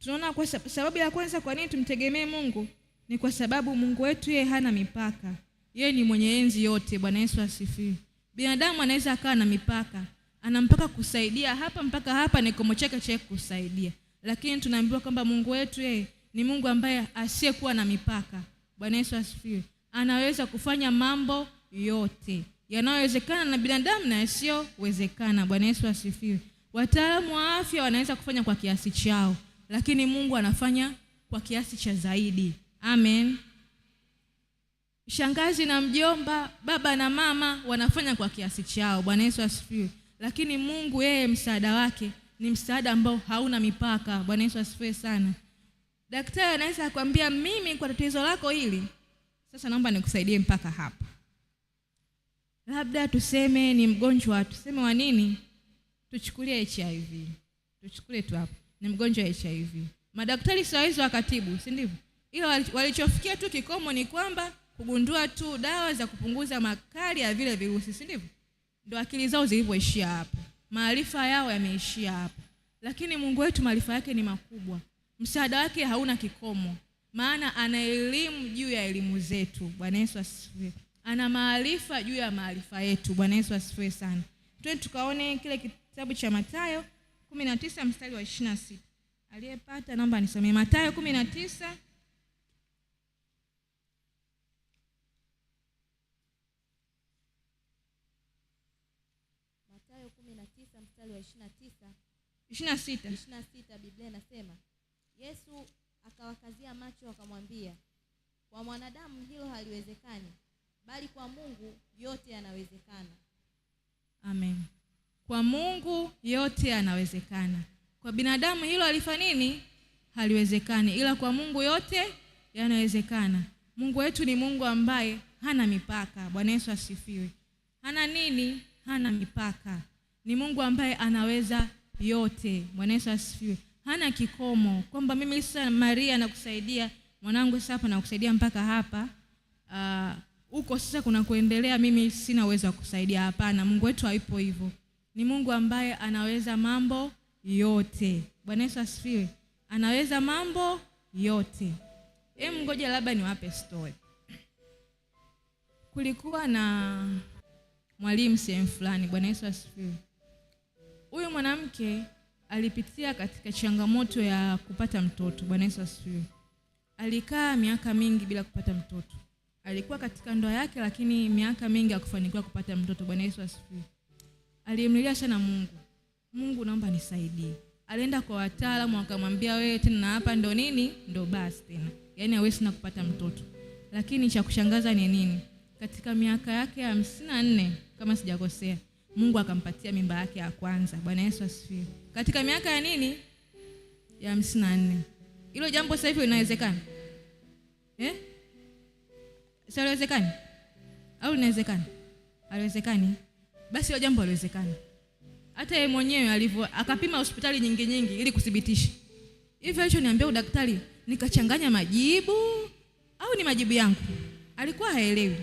Tunaona kwa sababu ya kwanza, kwa nini tumtegemee Mungu? Ni kwa sababu Mungu wetu yeye hana mipaka, yeye ni mwenye enzi yote. Bwana Yesu asifiwe. Binadamu anaweza akawa na mipaka, ana mpaka kusaidia hapa mpaka hapa, ni kikomo chake cha kusaidia, lakini tunaambiwa kwamba Mungu wetu yeye ni Mungu ambaye asiyekuwa na mipaka. Bwana Yesu asifiwe. Anaweza kufanya mambo yote yanayowezekana na binadamu na yasiyowezekana. Bwana Yesu asifiwe. Wataalamu wa afya wanaweza kufanya kwa kiasi chao lakini Mungu anafanya kwa kiasi cha zaidi. Amen. Shangazi na mjomba, baba na mama wanafanya kwa kiasi chao. Bwana Yesu asifiwe. Lakini Mungu yeye, msaada wake ni msaada ambao hauna mipaka. Bwana Yesu asifiwe sana. Daktari anaweza akwambia, mimi kwa tatizo lako hili sasa naomba nikusaidie mpaka hapa. Labda tuseme ni mgonjwa, tuseme wa nini? Tuchukulie HIV, tuchukulie tu hapo ni mgonjwa wa HIV. Madaktari sawezi wakatibu, si ndivyo? Ila walichofikia tu kikomo ni kwamba kugundua tu dawa za kupunguza makali ya vile virusi, si ndivyo? Ndio akili zao zilivyoishia hapo, maarifa yao yameishia hapo. Lakini Mungu wetu maarifa yake ni makubwa, msaada wake hauna kikomo, maana ana elimu juu ya elimu zetu. Bwana Yesu asifiwe. Ana maarifa juu ya maarifa yetu. Bwana Yesu asifiwe sana. Twende tukaone kile kitabu cha Mathayo 19 mstari wa 26. Aliyepata namba anisomee. Mathayo 19 Mathayo mstari wa 29 26. 26 Biblia inasema Yesu akawakazia macho akamwambia, kwa mwanadamu hilo haliwezekani, bali kwa Mungu yote yanawezekana. Amen. Kwa Mungu yote yanawezekana. Kwa binadamu hilo alifa nini? Haliwezekani, ila kwa Mungu yote yanawezekana. Mungu wetu ni Mungu ambaye hana mipaka. Bwana Yesu asifiwe. Hana nini? Hana mipaka. Ni Mungu ambaye anaweza yote. Bwana Yesu asifiwe. Hana kikomo, kwamba mimi sasa Maria nakusaidia mwanangu, sasa hapa nakusaidia mpaka hapa ah, huko, uh, sasa kuna kuendelea, mimi sina uwezo wa kusaidia. Hapana, Mungu wetu haipo hivyo ni Mungu ambaye anaweza mambo yote. Bwana Yesu asifiwe, anaweza mambo yote. Em, ngoja labda niwape story. Kulikuwa na mwalimu sehemu fulani. Bwana Yesu asifiwe. Huyu mwanamke alipitia katika changamoto ya kupata mtoto. Bwana Yesu asifiwe. Alikaa miaka mingi bila kupata mtoto, alikuwa katika ndoa yake, lakini miaka mingi hakufanikiwa kupata mtoto. Bwana Yesu asifiwe aliyemlilia sana Mungu, Mungu naomba nisaidie. Alienda kwa wataalamu akamwambia wewe tena na hapa ndo nini, ndo basi tena, yaani hawezi na kupata mtoto. Lakini cha kushangaza ni nini? Katika miaka yake hamsini na nne kama sijakosea, Mungu akampatia mimba yake ya kwanza. Bwana Yesu asifiwe. Katika miaka ya nini ya hamsini na nne. Hilo jambo sasa hivi linawezekana eh? Sasa linawezekana au linawezekana? Haliwezekani basi jambo haliwezekani. Hata yeye mwenyewe alivyo akapima hospitali nyingi nyingi ili kuthibitisha hivyo alichoniambia udaktari, nikachanganya majibu au ni majibu yangu. Alikuwa haelewi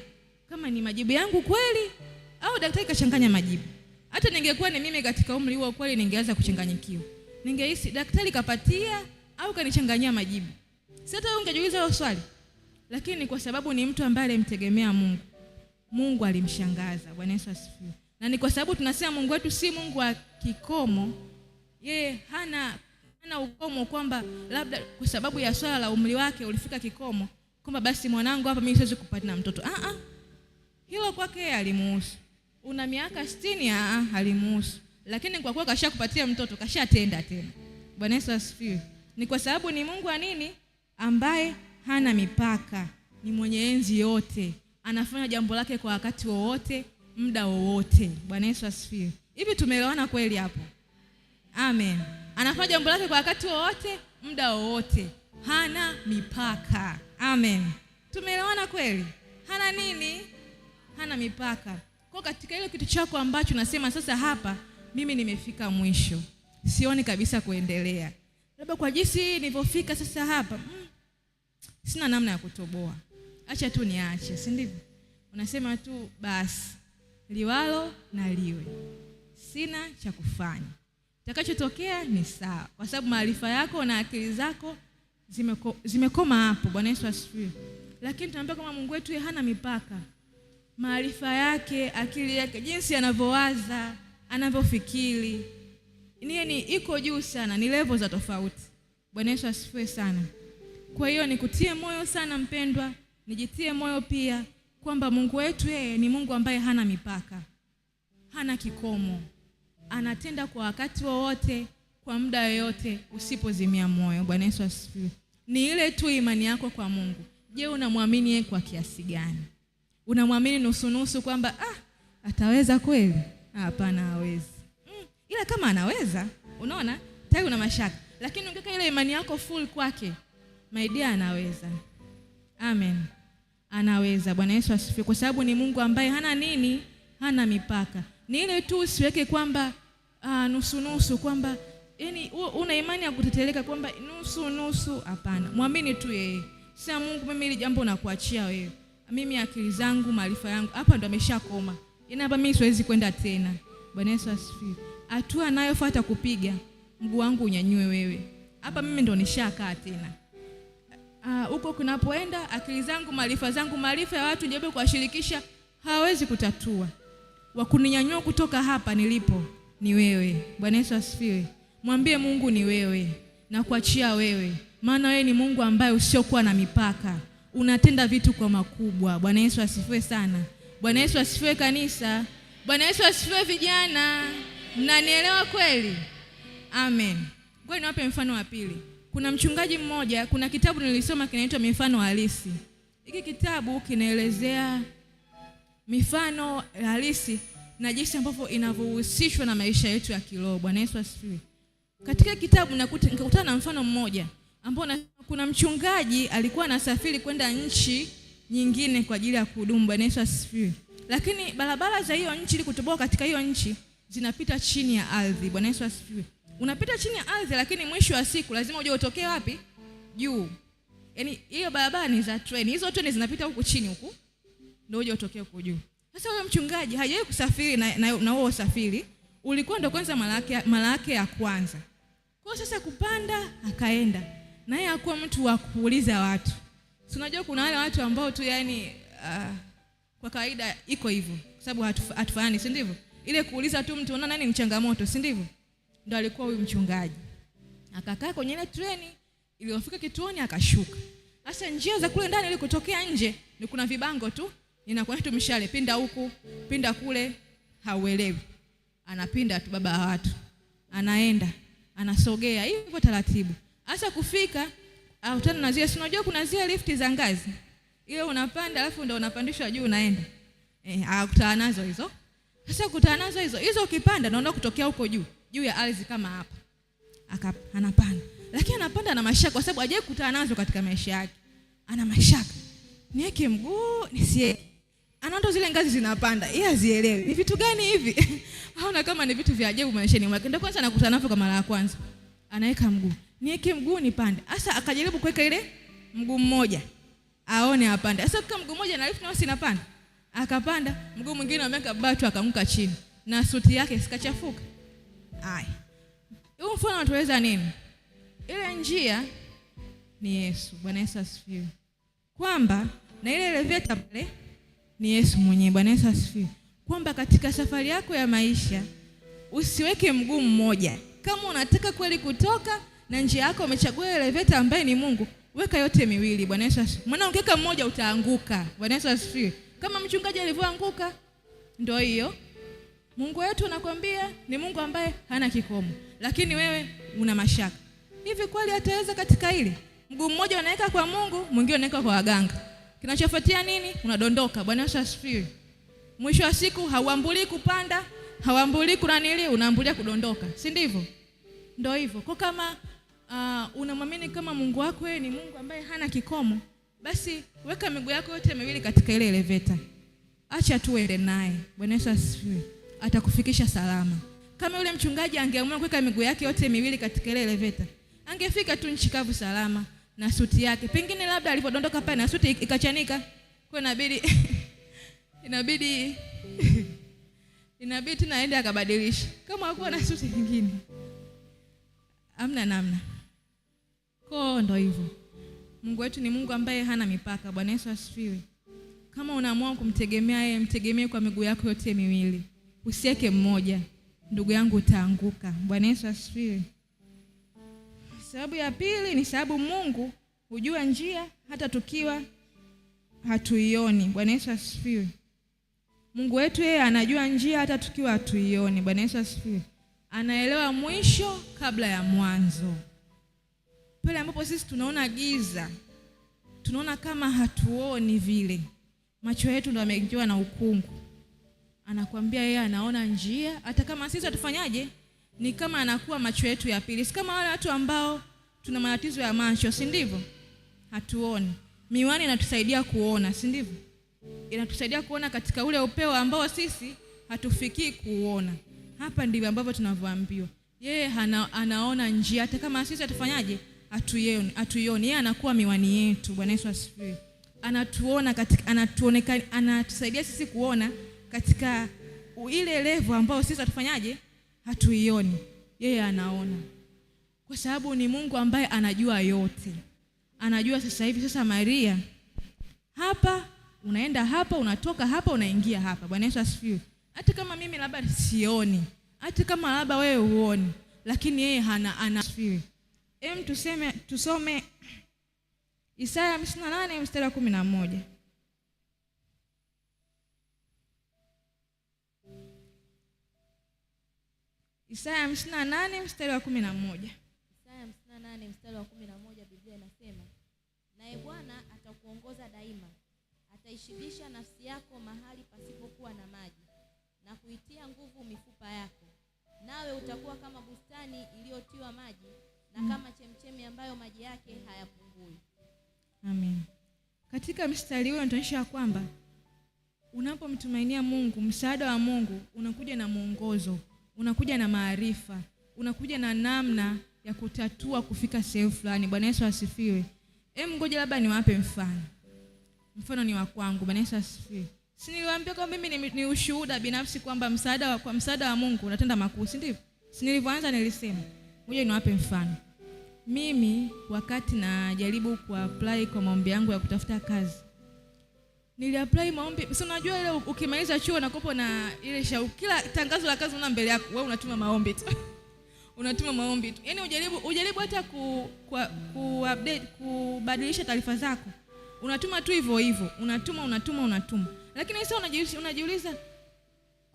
kama ni majibu yangu kweli au daktari kachanganya majibu. Hata ningekuwa ni mimi katika umri huo kweli, ningeanza kuchanganyikiwa, ningehisi daktari kapatia au kanichanganyia majibu. Sasa ungejiuliza hilo swali, lakini kwa sababu ni mtu ambaye alimtegemea Mungu, Mungu alimshangaza. Bwana Yesu asifiwe na ni kwa sababu tunasema Mungu wetu si Mungu wa kikomo. Yeye hana, hana ukomo kwamba labda kwa sababu ya swala la umri wake ulifika kikomo kwamba basi mwanangu hapa mimi siwezi kupata mtoto. Ah ah. Hilo kwake alimuhusu. Una miaka 60? Ah ah, alimuhusu. Lakini kwa kuwa kasha kupatia mtoto, kashatenda tena. Bwana Yesu asifiwe. Ni kwa sababu ni Mungu wa nini? Ambaye hana mipaka, ni mwenye enzi yote, anafanya jambo lake kwa wakati wowote muda wowote. Bwana Yesu asifiwe. Hivi tumeelewana kweli hapo? Amen. Anafanya jambo lake kwa wakati wowote, muda wowote, hana mipaka. Amen. Tumeelewana kweli? Hana nini? Hana mipaka. Kwa katika ile kitu chako ambacho unasema sasa hapa, mimi nimefika mwisho, sioni kabisa kuendelea, labda kwa jinsi nilivyofika sasa hapa, mm, sina namna ya kutoboa, acha tu niache, si ndivyo? Unasema tu basi liwalo na liwe, sina cha kufanya, takachotokea ni sawa, kwa sababu maarifa yako na akili zako zimekoma zime hapo. Bwana Yesu asifiwe. Lakini tunaambia kama Mungu wetu yeye hana mipaka, maarifa yake, akili yake, jinsi anavyowaza, anavyofikiri niye ni iko juu sana, ni levo za tofauti. Bwana Yesu asifiwe sana. Kwa hiyo nikutie moyo sana mpendwa, nijitie moyo pia kwamba Mungu wetu yeye ni Mungu ambaye hana mipaka, hana kikomo, anatenda kwa wakati wowote wa kwa muda yoyote, usipozimia moyo. Bwana Yesu asifiwe. Ni ile tu imani yako kwa Mungu. Je, unamwamini yeye kwa kiasi gani? Unamwamini nusunusu kwamba ah, ataweza kweli? Hapana, hawezi mm, ila kama anaweza, unaona tayari una mashaka, lakini ungeka ile imani yako full kwake, maidia anaweza. Amen anaweza. Bwana Yesu asifiwe, kwa sababu ni Mungu ambaye hana nini, hana mipaka. Ni ile tu usiweke kwamba ah, nusu nusu, kwamba yani una imani ya kuteteleka kwamba nusu nusu. Hapana, mwamini tu yeye. Sasa Mungu, mimi ile jambo nakuachia wewe, mimi akili zangu maarifa yangu hapa ndo ameshakoma, yaani hapa mimi siwezi kwenda tena. Bwana Yesu asifiwe. Hatua anayofuata kupiga, mguu wangu unyanyue wewe, hapa mimi ndo nishakaa tena Ah, huko uh, kunapoenda akili zangu maarifa zangu maarifa ya watu nijaribu kuwashirikisha, hawawezi kutatua. Wa kuninyanyua kutoka hapa nilipo ni wewe. Bwana Yesu asifiwe. Mwambie Mungu ni wewe na kuachia wewe, maana wewe ni Mungu ambaye usiokuwa na mipaka, unatenda vitu kwa makubwa. Bwana Yesu asifiwe sana. Bwana Yesu asifiwe kanisa. Bwana Yesu asifiwe vijana, mnanielewa kweli? Amen. Ngoja niwape mfano wa pili. Kuna mchungaji mmoja, kuna kitabu nilisoma kinaitwa Mifano Halisi. Hiki kitabu kinaelezea mifano halisi na jinsi ambavyo inavyohusishwa na maisha yetu ya kiroho. Bwana Yesu asifiwe. Katika kitabu nikakutana na mfano mmoja ambao kuna mchungaji alikuwa anasafiri kwenda nchi nyingine kwa ajili ya kuhudumu. Bwana Yesu asifiwe. Lakini barabara za hiyo nchi ili kutoboa katika hiyo nchi zinapita chini ya ardhi. Bwana Yesu asifiwe unapita chini ya ardhi, lakini mwisho wa siku lazima uje utokee wapi? Juu. Yaani hiyo barabara ni za treni, hizo treni zinapita huku chini huku, ndio uje utokee huku juu. Sasa huyo mchungaji hajawahi kusafiri na, na, na huo usafiri ulikuwa ndo kwanza mara yake ya kwanza. Kwa sasa kupanda akaenda naye yeye hakuwa mtu wa kuuliza watu. Si unajua kuna wale watu ambao tu yani uh, ah, kwa kawaida iko hivyo kwa sababu hatufanani, si ndivyo? Ile kuuliza tu mtu unaona nani ni changamoto, si ndivyo? ndo alikuwa huyu mchungaji. Akakaa kwenye ile treni, iliyofika kituoni akashuka. Sasa njia za kule ndani ili kutokea nje ni kuna vibango tu, ninakwenda tu mshale, pinda huku, pinda kule, hauelewi. Anapinda tu baba wa watu, anaenda anasogea hivyo taratibu. hasa kufika akutana na zile, sinajua kuna zile lifti za ngazi, ile unapanda alafu ndo unapandishwa juu unaenda eh, akutana nazo hizo. Sasa kutana nazo hizo hizo, ukipanda naona kutokea huko juu juu ya ardhi kama hapa. Aka, anapanda. Lakini anapanda ana mashaka kwa sababu hajawahi kukutana nazo katika maisha yake. Ana mashaka. Niweke mguu nisiye. Anaona zile ngazi zinapanda, yeye azielewi Ni vitu gani hivi? Haona kama ni vitu vya ajabu maishani mwake. Ndio kwanza anakutana navyo kwa mara ya kwanza. Anaweka mguu. Niweke mguu nipande. Sasa akajaribu kuweka ile mguu mmoja. Aone apande. Sasa kama mguu mmoja na lift na sinapanda. Akapanda, mguu mwingine ameweka batu akanguka chini. Na suti yake sikachafuka. Haya, huu mfano unatueleza nini? Ile njia ni Yesu. Bwana Yesu asifiwe. Kwamba na ile eleveta pale ni Yesu mwenyewe. Bwana Yesu asifiwe. Kwamba katika safari yako ya maisha usiweke mguu mmoja. Kama unataka kweli kutoka na njia yako umechagua eleveta ambaye ni Mungu, weka yote miwili. Bwana Yesu asifiwe. Maana ukiweka mmoja utaanguka. Bwana Yesu asifiwe. Kama mchungaji alivyoanguka, ndio hiyo Mungu wetu anakwambia ni Mungu ambaye hana kikomo, lakini wewe una mashaka. Hivi kweli ataweza katika hili? Mguu mmoja unaweka kwa Mungu, mwingine unaweka kwa waganga. Kinachofuatia nini? Unadondoka. Bwana Yesu asifiwe. Mwisho wa siku hauambulii kupanda, hauambulii kunanili, unaambulia kudondoka, si ndivyo? Ndio hivyo. Kwa kama uh, unamwamini kama Mungu wako wewe ni Mungu ambaye hana kikomo, basi weka miguu yako yote miwili katika ile eleveta, acha tuende naye. Bwana Yesu asifiwe atakufikisha salama. Kama yule mchungaji angeamua kuweka miguu yake yote miwili katika ile elevator, angefika tu nchi kavu salama na suti yake. Pengine labda alipodondoka pale na suti ikachanika. Kwa inabidi inabidi inabidi tena aende akabadilisha. Kama hakuwa na suti nyingine. Amna namna. Kwa ndo hivyo. Mungu wetu ni Mungu ambaye hana mipaka. Bwana Yesu asifiwe. Kama unaamua kumtegemea yeye, mtegemee kwa miguu yako yote miwili usiweke mmoja, ndugu yangu, utaanguka. Bwana Yesu asifiwe. Sababu ya pili ni sababu Mungu hujua njia hata tukiwa hatuioni. Bwana Yesu asifiwe. Mungu wetu yeye anajua njia hata tukiwa hatuioni. Bwana Yesu asifiwe. Anaelewa mwisho kabla ya mwanzo. Pale ambapo sisi tunaona giza, tunaona kama hatuoni vile, macho yetu ndo yamejawa na ukungu anakuambia yeye anaona njia, hata kama sisi atufanyaje ni kama anakuwa macho yetu ya pili. Si kama wale watu ambao tuna matatizo ya macho, si ndivyo? Hatuoni. Miwani inatusaidia kuona, si ndivyo? Inatusaidia kuona katika ule upeo ambao sisi hatufikii kuona. Hapa ndivyo ambavyo tunavyoambiwa, yeye ana, anaona njia, hata kama sisi atufanyaje, hatuioni, hatuioni. Yeye anakuwa miwani yetu. Bwana Yesu asifiwe. Anatuona katika, anatusaidia sisi kuona katika ile levu ambayo sisi hatufanyaje, hatuioni, yeye anaona, kwa sababu ni Mungu ambaye anajua yote. Anajua sasa hivi. Sasa Maria, hapa unaenda hapa, unatoka hapa, unaingia hapa. Bwana Yesu asifiwe. Hata kama mimi labda sioni, hata kama labda wewe huoni, lakini yeye hana anasifiwe. Em, tuseme tusome Isaya 58 mstari wa 11. Isaya hamsini nane mstari wa kumi na moja. Isaya hamsini nane mstari wa kumi na moja Biblia inasema naye Bwana atakuongoza daima, ataishibisha nafsi yako mahali pasipokuwa na maji na kuitia nguvu mifupa yako, nawe utakuwa kama bustani iliyotiwa maji na mm. kama chemchemi ambayo maji yake hayapungui. Amen. Katika mstari huo ya kwamba unapomtumainia Mungu, msaada wa Mungu unakuja na mwongozo unakuja na maarifa, unakuja na namna ya kutatua kufika sehemu fulani. Bwana Yesu asifiwe. Hem, ngoja labda niwape mfano. Mfano ni wa kwangu. Bwana Yesu asifiwe. Si niliwaambia kwamba mimi ni, ni ushuhuda binafsi kwamba msaada kwa msaada wa Mungu unatenda makuu, si ndivyo? Si nilivyoanza nilisema, ngoja niwape mfano. Mimi wakati najaribu kuapply kwa maombi yangu ya kutafuta kazi Niliapply maombi. Sasa unajua ile ukimaliza chuo nakopo na ile shauku. Kila tangazo la kazi unaona mbele yako, wewe unatuma maombi tu. unatuma maombi tu. Yaani ujaribu ujaribu hata ku, ku, ku update kubadilisha taarifa zako. Unatuma tu hivyo hivyo. Unatuma unatuma unatuma. Lakini sasa unajiuliza, unajiuliza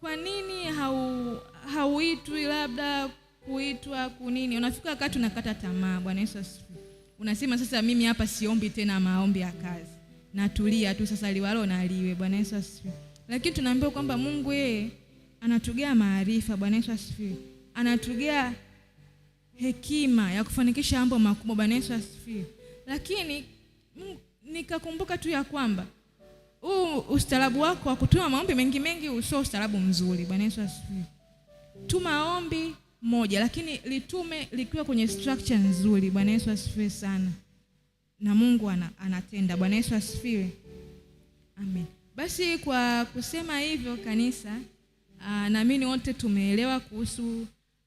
kwa nini hau hauitwi labda kuitwa kunini? Unafika wakati unakata tamaa. Bwana Yesu asifiwe. Unasema sasa mimi hapa siombi tena maombi ya kazi natulia tu sasa, liwalo na liwe. Bwana Yesu asifiwe. Lakini tunaambiwa kwamba Mungu yeye anatugea maarifa. Bwana Yesu asifiwe. Anatugea hekima ya kufanikisha mambo makubwa. Bwana Yesu asifiwe. Lakini nikakumbuka tu ya kwamba huu ustarabu wako wa kutuma maombi mengi mengi usio ustarabu mzuri. Bwana Yesu asifiwe. Tuma ombi moja, lakini litume likiwa kwenye structure nzuri. Bwana Yesu asifiwe sana na Mungu anatenda. Bwana Yesu asifiwe, amen. Basi kwa kusema hivyo, kanisa, ah, naamini wote tumeelewa kuhusu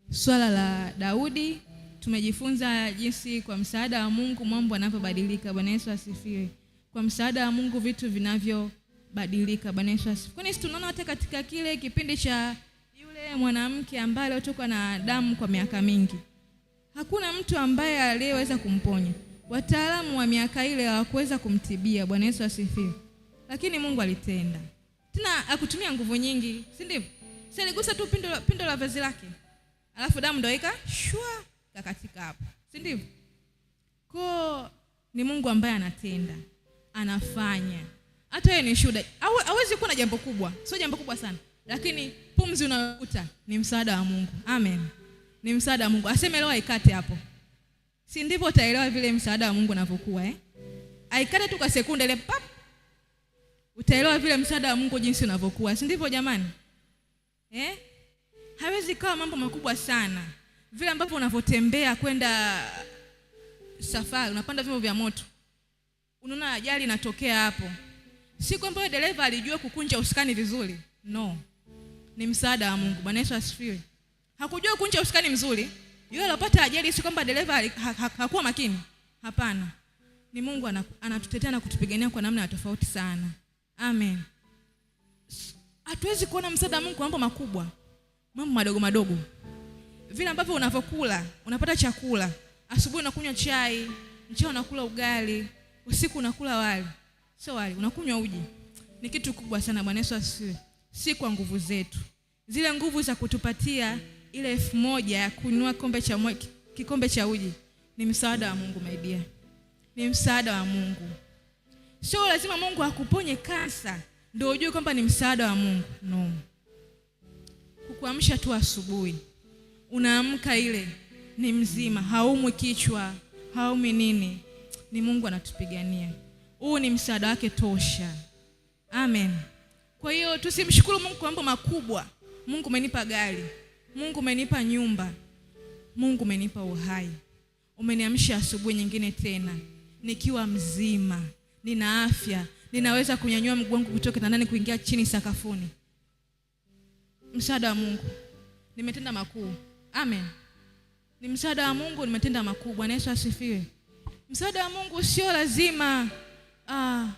swala la Daudi. Tumejifunza jinsi kwa msaada wa Mungu mambo anavyobadilika Bwana Yesu asifiwe. Kwa msaada wa Mungu vitu vinavyobadilika. Bwana Yesu asifiwe. Kwani tunaona hata katika kile kipindi cha yule mwanamke ambaye alitoka na damu kwa miaka mingi, hakuna mtu ambaye aliyeweza kumponya Wataalamu wa miaka ile hawakuweza kumtibia. Bwana Yesu asifiwe. Lakini Mungu alitenda tena, akutumia nguvu nyingi, si ndivyo? Si aligusa tu pindo, pindo la vazi lake, alafu damu ndio ika shwa kakatika hapo, si ndivyo? Ko, ni Mungu ambaye anatenda, anafanya. Hata yeye ni shuhuda. Hawezi kuwa na jambo kubwa, sio jambo kubwa sana, lakini pumzi unayokuta ni msaada wa Mungu. Amen, ni msaada wa Mungu. Aseme leo ikate hapo si ndivyo utaelewa vile msaada wa Mungu unavyokuwa eh? Aikate tu kwa sekunde ile pap, utaelewa vile msaada wa Mungu jinsi unavyokuwa, si ndivyo jamani eh? Hawezi kawa mambo makubwa sana vile ambavyo unavyotembea kwenda safari, unapanda vyombo vya moto, unaona ajali inatokea hapo. Si kwamba dereva alijua kukunja usukani vizuri, no, ni msaada wa Mungu. Bwana Yesu asifiwe. Hakujua kukunja usukani mzuri yule alopata ajali si kwamba dereva hakuwa makini. Hapana. Ni Mungu anatutetea na kutupigania kwa namna ya tofauti sana. Amen. Hatuwezi kuona msaada wa Mungu mambo makubwa. Mambo madogo madogo. Vile ambavyo unavyokula, unapata chakula. Asubuhi unakunywa chai, mchana unakula ugali, usiku unakula wali. Sio wali, unakunywa uji. Ni kitu kubwa sana. Bwana Yesu asifiwe. Si kwa nguvu zetu. Zile nguvu za kutupatia ile elfu moja ya kununua kombe cha kikombe cha uji ni msaada wa Mungu maibia, ni msaada wa Mungu. Sio lazima Mungu akuponye kansa ndio ujue kwamba ni msaada wa Mungu. No, kukuamsha tu asubuhi, unaamka ile ni mzima, haumwi kichwa, haumi nini, ni Mungu anatupigania. Huu ni msaada wake tosha. Amen. Kwa hiyo tusimshukuru Mungu kwa mambo makubwa. Mungu umenipa gari Mungu umenipa nyumba, Mungu umenipa uhai, umeniamsha asubuhi nyingine tena nikiwa mzima, nina afya, ninaweza kunyanyua mguu wangu kutoka kitandani kuingia chini sakafuni. Msaada wa Mungu, nimetenda makuu. Amen, ni msaada wa Mungu, nimetenda makuu. Bwana Yesu asifiwe. Msaada wa Mungu sio lazima ah,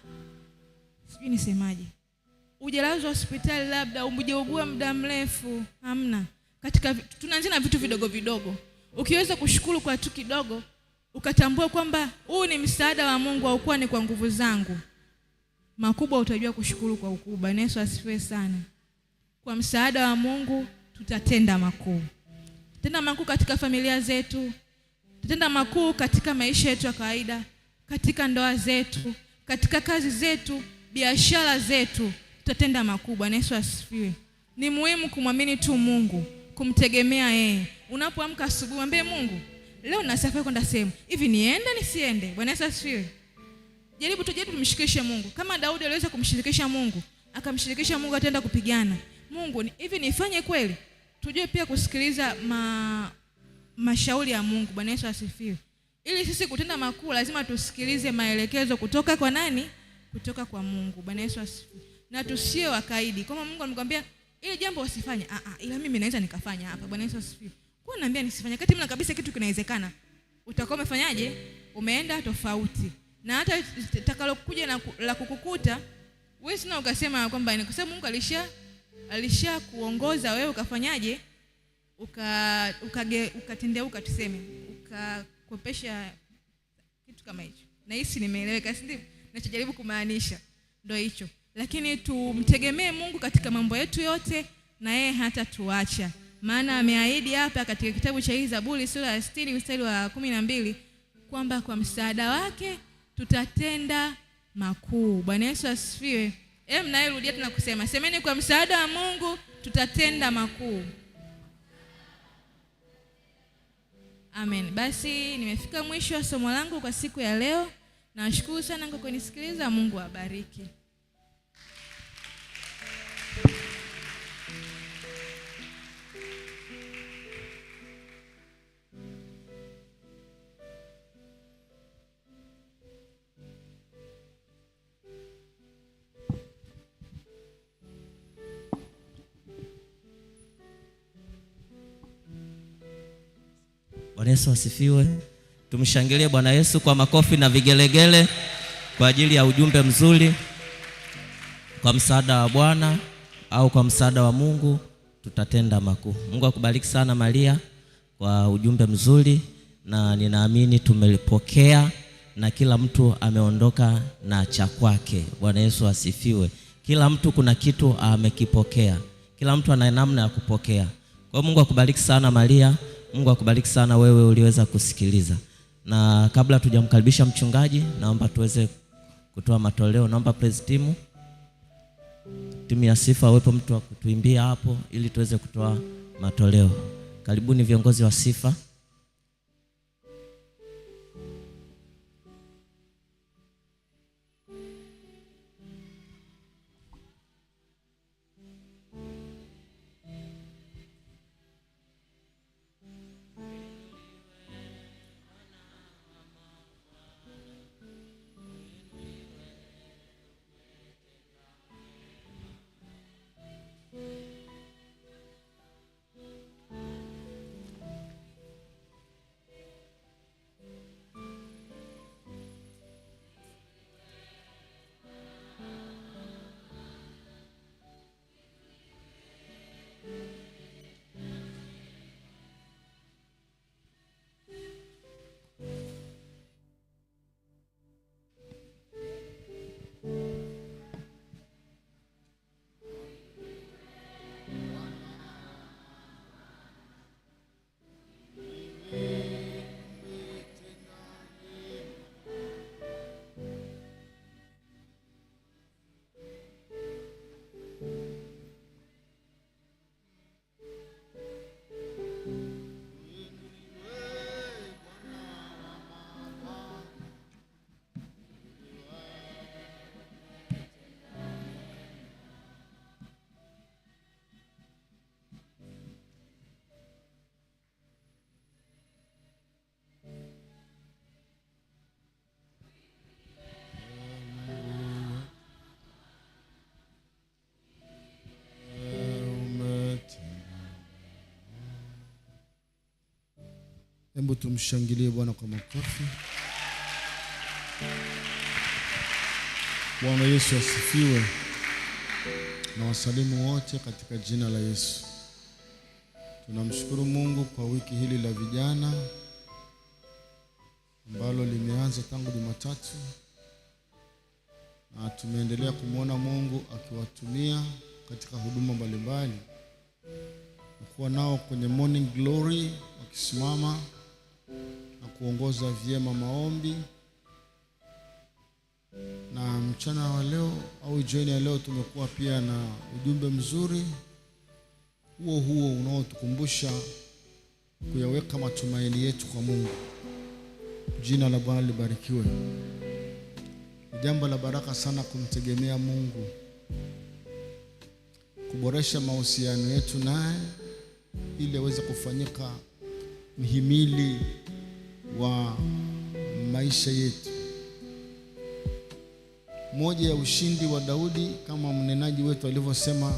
sijui nisemaje, ujelazwa hospitali labda ujeugua muda mrefu, hamna katika tunaanzia na vitu vidogo vidogo. Ukiweza kushukuru kwa tu kidogo, ukatambua kwamba huu ni msaada wa Mungu, haukuwa ni kwa nguvu zangu. Makubwa utajua kushukuru kwa ukubwa. Yesu asifiwe sana. Kwa msaada wa Mungu tutatenda makuu, tutatenda makuu katika familia zetu, tutatenda makuu katika maisha yetu ya kawaida, katika ndoa zetu, katika kazi zetu, biashara zetu, tutatenda makubwa. Yesu asifiwe. Ni muhimu kumwamini tu Mungu kumtegemea yeye. Unapoamka asubuhi, mwambie Mungu, leo safari kwenda sehemu hivi, niende nisiende? Bwana Yesu asifiwe. Jaribu tu, jaribu tumshirikishe Mungu kama Daudi aliweza kumshirikisha Mungu, akamshirikisha Mungu, ataenda kupigana Mungu hivi, nifanye kweli? Tujue pia kusikiliza ma, mashauri ya Mungu. Bwana Yesu asifiwe. Ili sisi kutenda makuu, lazima tusikilize maelekezo kutoka kwa nani? Kutoka kwa Mungu. Bwana Yesu asifiwe. Na tusiwe wakaidi, kama Mungu amekwambia ile jambo usifanye. Ah ah, ila mimi naweza nikafanya hapa. Bwana Yesu asifiwe. Kwa naambia nisifanye. Kati mna kabisa kitu kinawezekana. Utakuwa umefanyaje? Umeenda tofauti. Na hata takalokuja na la kukukuta, wewe sina ukasema kwamba ni kwa sababu Mungu alisha alisha kuongoza wewe ukafanyaje? Uka ukatendeuka uka tuseme, ukakopesha kitu kama hicho. Nahisi nimeeleweka, si ndio Nachojaribu kumaanisha ndio hicho lakini tumtegemee Mungu katika mambo yetu yote, na yeye tuacha maana ameahidi hapa katika kitabu cha hii Zaburi sura ya 60 mstari wa kumi na mbili kwamba kwa msaada wake tutatenda makuu. Bwana Yesu asifiwe. Em, rudia tena kusema semeni, kwa msaada wa Mungu tutatenda makuu. Amen. Basi nimefika mwisho wa somo langu kwa siku ya leo. Nawashukuru sana kwa kunisikiliza. Mungu awabariki. Bwana Yesu asifiwe. Tumshangilie Bwana Yesu kwa makofi na vigelegele kwa ajili ya ujumbe mzuri, kwa msaada wa Bwana au kwa msaada wa Mungu tutatenda makuu. Mungu akubariki sana Maria kwa ujumbe mzuri, na ninaamini tumelipokea na kila mtu ameondoka na cha kwake. Bwana Yesu asifiwe. Kila mtu kuna kitu amekipokea, kila mtu ana namna ya kupokea. Kwa hiyo Mungu akubariki sana Maria. Mungu akubariki sana wewe uliweza kusikiliza, na kabla tujamkaribisha mchungaji, naomba tuweze kutoa matoleo. Naomba praise team, timu ya sifa, awepo mtu wa kutuimbia hapo ili tuweze kutoa matoleo. Karibuni viongozi wa sifa. Hebu tumshangilie Bwana kwa makofi. Bwana Yesu asifiwe. Na wasalimu wote katika jina la Yesu. Tunamshukuru Mungu kwa wiki hili la vijana ambalo limeanza tangu Jumatatu na tumeendelea kumwona Mungu akiwatumia katika huduma mbalimbali. Kuwa nao kwenye morning glory wakisimama kuongoza vyema maombi na mchana wa leo au jioni ya leo tumekuwa pia na ujumbe mzuri huo huo unaotukumbusha kuyaweka matumaini yetu kwa Mungu. Jina la Bwana libarikiwe. Ni jambo la baraka sana kumtegemea Mungu, kuboresha mahusiano yetu naye ili aweze kufanyika mhimili wa maisha yetu. Moja ya ushindi wa Daudi kama mnenaji wetu alivyosema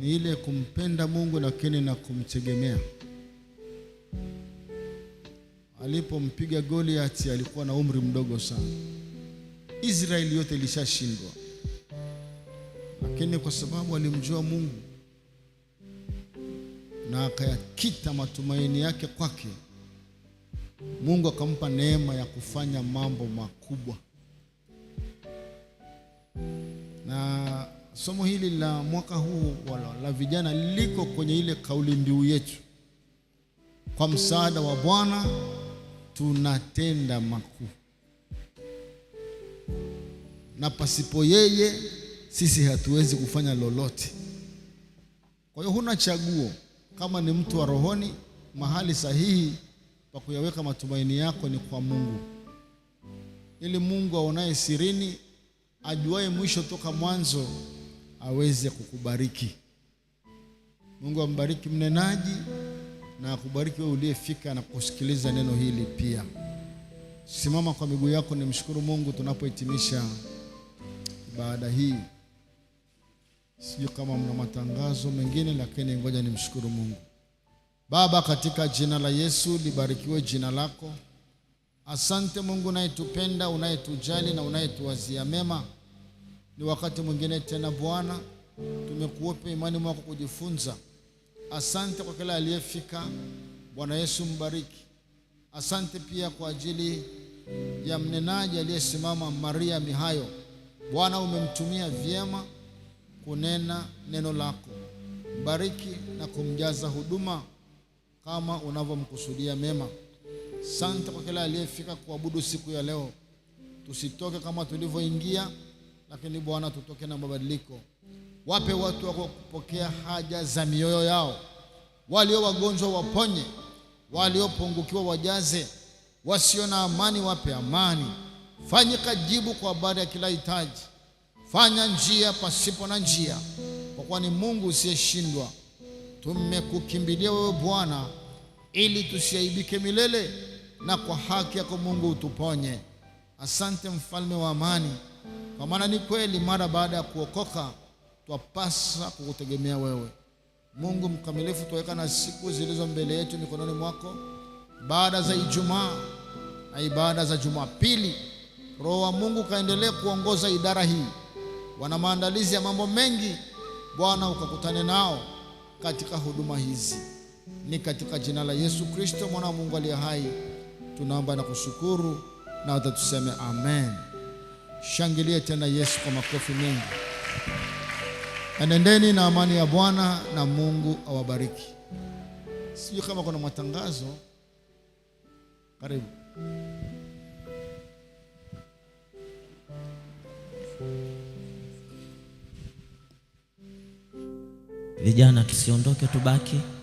ni ile kumpenda Mungu lakini na kumtegemea. Alipompiga Goliati alikuwa na umri mdogo sana. Israeli yote ilishashindwa, lakini kwa sababu alimjua Mungu na akayakita matumaini yake kwake Mungu akampa neema ya kufanya mambo makubwa. Na somo hili la mwaka huu wala, la vijana liko kwenye ile kauli mbiu yetu, kwa msaada wa Bwana tunatenda makuu, na pasipo yeye sisi hatuwezi kufanya lolote. Kwa hiyo huna chaguo, kama ni mtu wa rohoni, mahali sahihi kwa kuyaweka matumaini yako ni kwa Mungu, ili Mungu aonaye sirini, ajuaye mwisho toka mwanzo, aweze kukubariki. Mungu ambariki mnenaji na akubariki wewe uliyefika na kusikiliza neno hili pia. Simama kwa miguu yako, ni mshukuru Mungu tunapohitimisha ibada hii. Sijui kama mna matangazo mengine, lakini ngoja nimshukuru Mungu. Baba, katika jina la Yesu libarikiwe jina lako. Asante Mungu unayetupenda, unayetujali na unayetuwazia mema. Ni wakati mwingine tena Bwana, tumekuwepo imani mwako kujifunza. Asante kwa kila aliyefika. Bwana Yesu mbariki. Asante pia kwa ajili ya mnenaji aliyesimama Maria Mihayo. Bwana umemtumia vyema kunena neno lako, mbariki na kumjaza huduma kama unavyomkusudia mema. Sante kwa kila aliyefika kuabudu siku ya leo. Tusitoke kama tulivyoingia, lakini Bwana, tutoke na mabadiliko. Wape watu wako kupokea haja za mioyo yao, walio wagonjwa waponye, waliopungukiwa wajaze, wasio na amani wape amani. Fanye kajibu kwa habari ya kila hitaji, fanya njia pasipo na njia, kwa kuwa ni Mungu usiyeshindwa. Tumekukimbilia wewe Bwana ili tusiaibike milele, na kwa haki yako Mungu utuponye. Asante mfalme wa amani, kwa maana ni kweli, mara baada ya kuokoka twapasa kukutegemea wewe. Mungu mkamilifu, tuweka na siku zilizo mbele yetu mikononi mwako, baada za Ijumaa na ibada za Jumapili. Roho wa Mungu kaendelee kuongoza idara hii, wana maandalizi ya mambo mengi. Bwana, ukakutane nao katika huduma hizi. Ni katika jina la Yesu Kristo mwana wa Mungu aliye hai tunaomba na kushukuru, na hata tuseme amen. Shangilie tena Yesu kwa makofi mengi. Enendeni na amani ya Bwana na Mungu awabariki. Sijui kama kuna matangazo. Karibu. Vijana tusiondoke, tubaki.